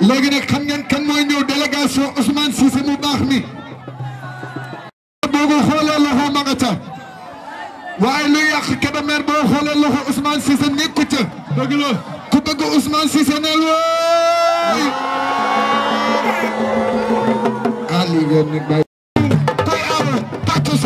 léegi nag xam ngeen kan mooy ñëw délégation Ousmane Cissé mu baax mi boo ko xoolee loxo ma nga ca waaye lu yàq Kébémer boo xoolee loxo Ousmane Cissé nekku ca ku bëgg Ousmane Cissé neel waay ali bay tay am tàcc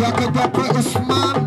yàgg jàpp Ousmane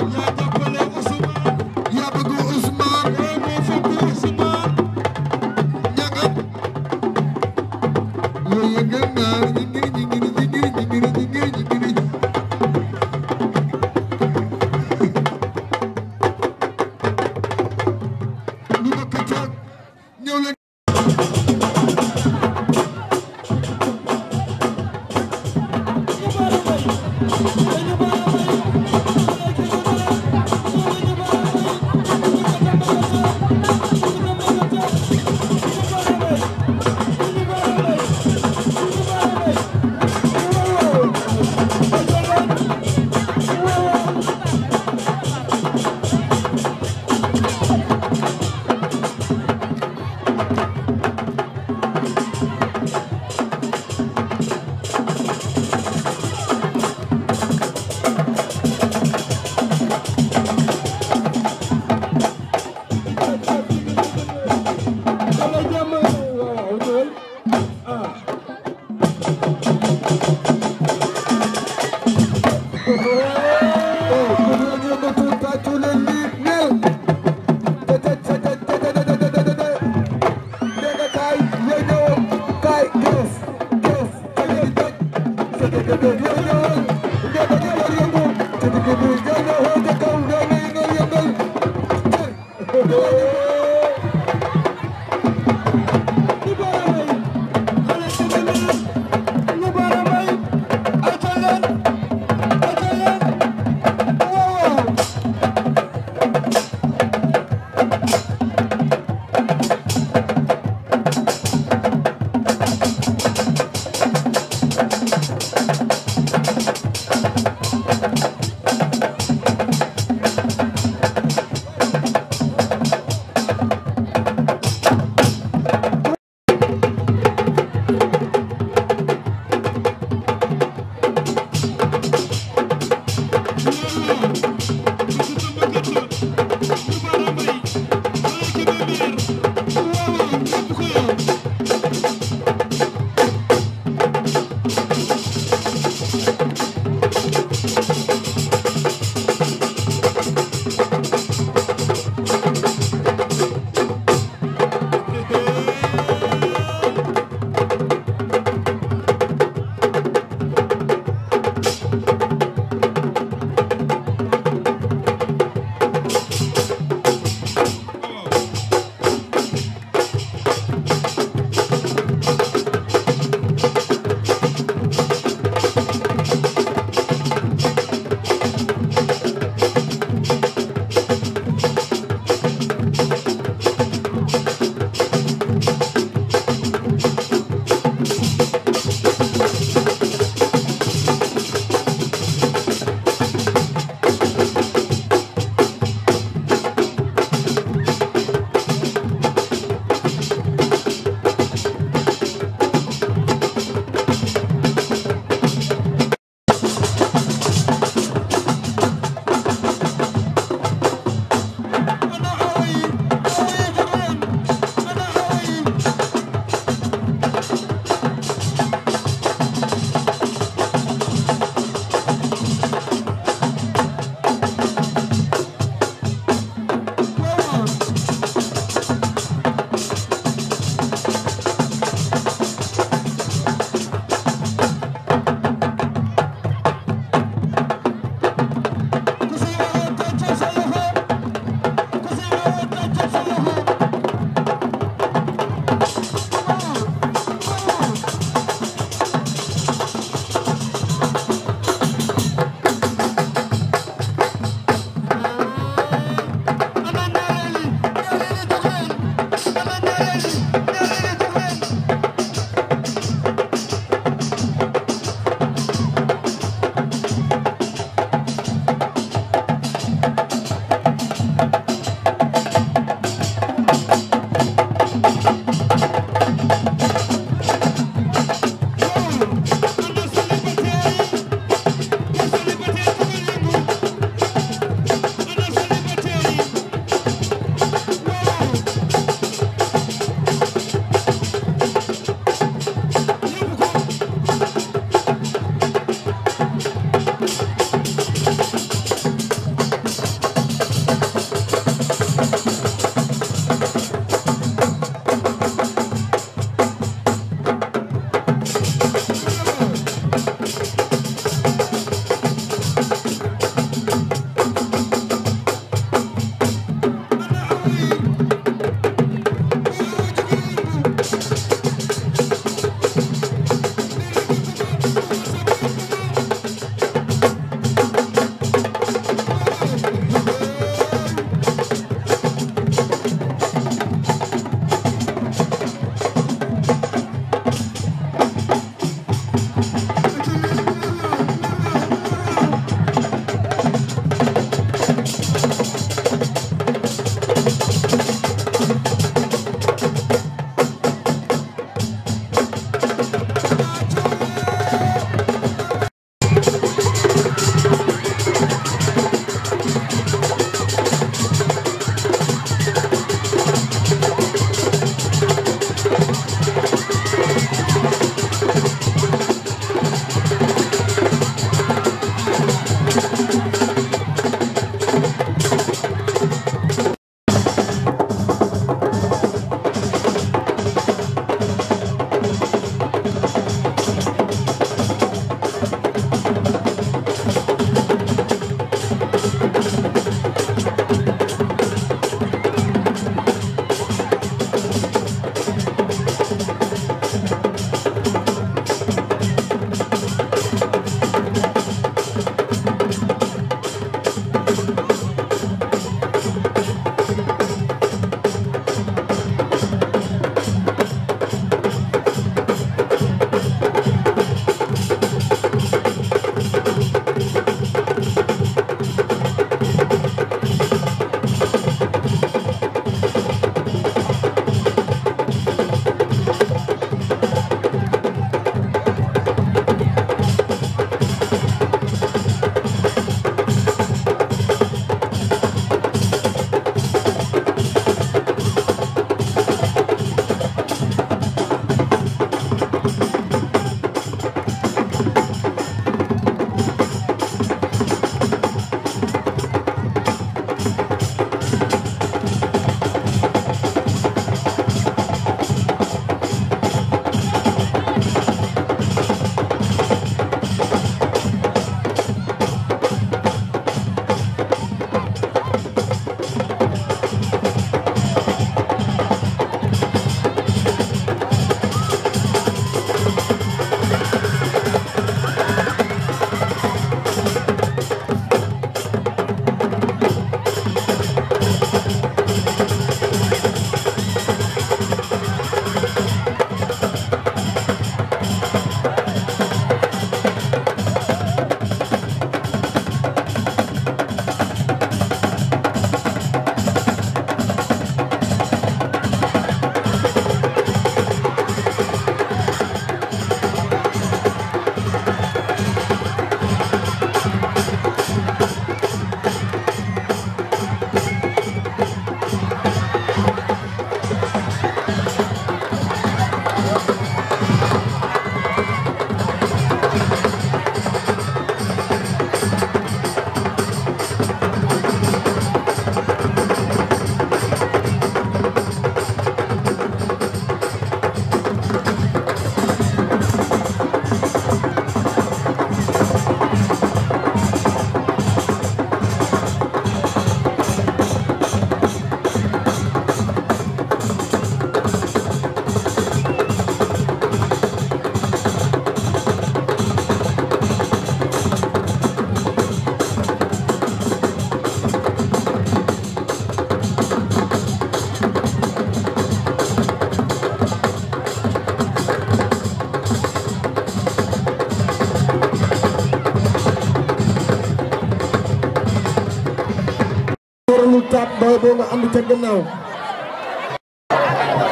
bay boo nga ànd ca gannaaw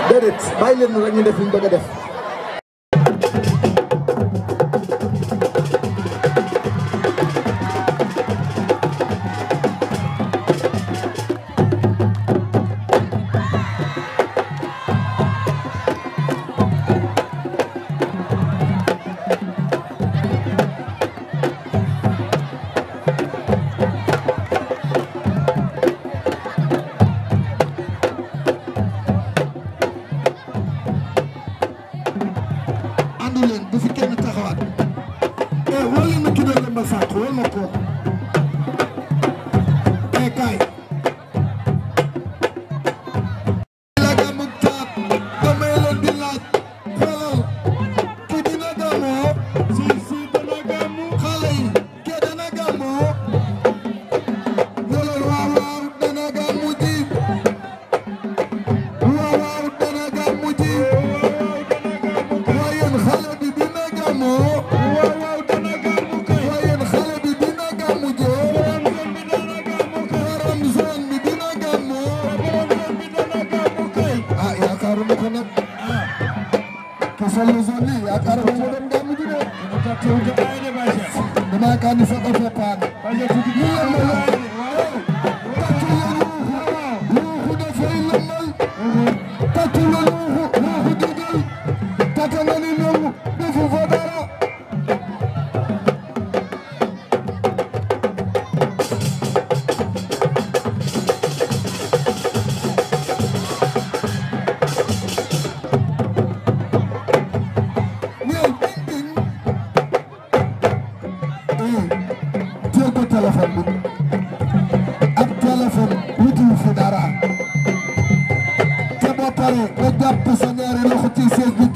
déedéet bàyyi leen na rek ñu def li ñu bëgg a def seen loxo ci seen bi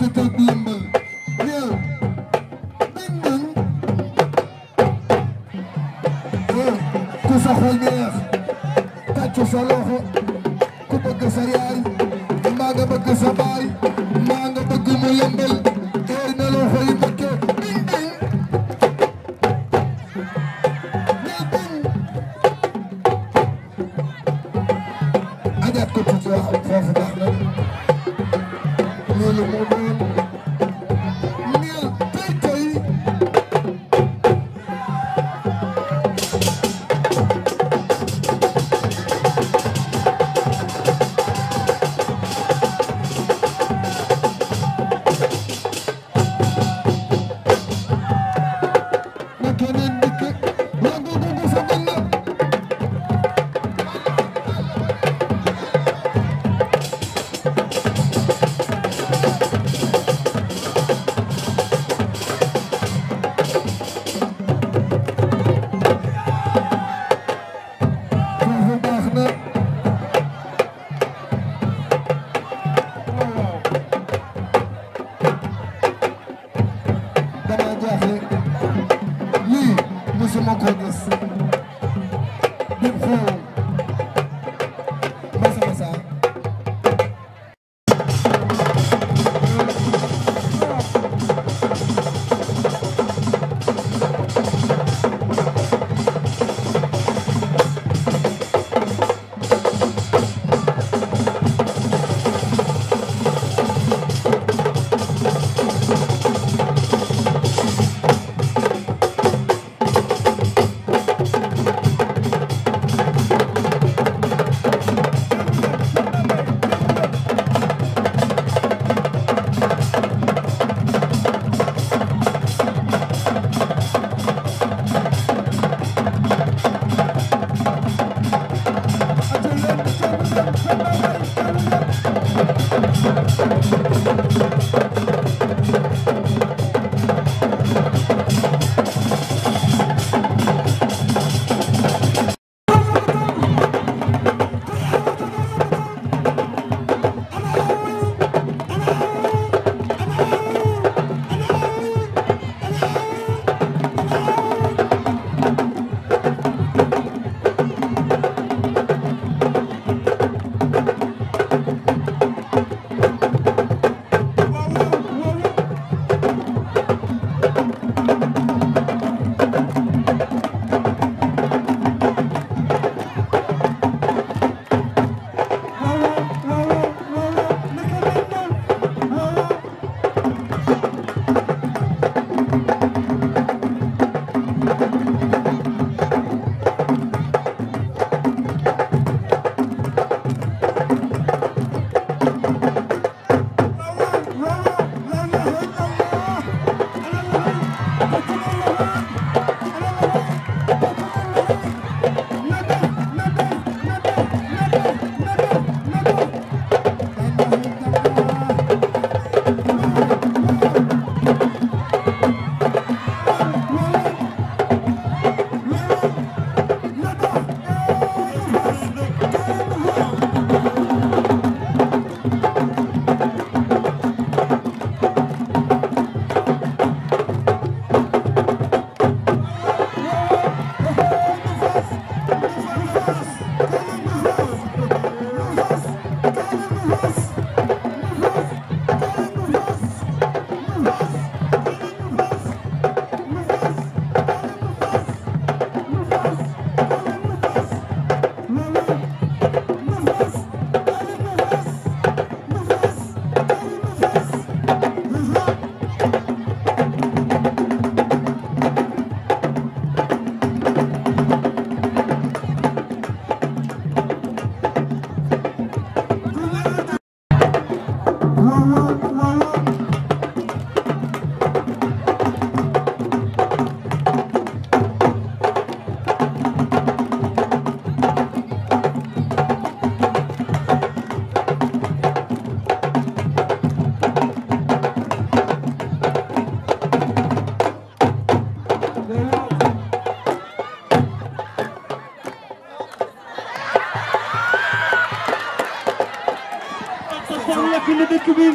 dëkk bi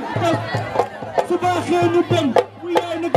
suba xëy ñu dem mu yaay na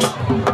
Thank you.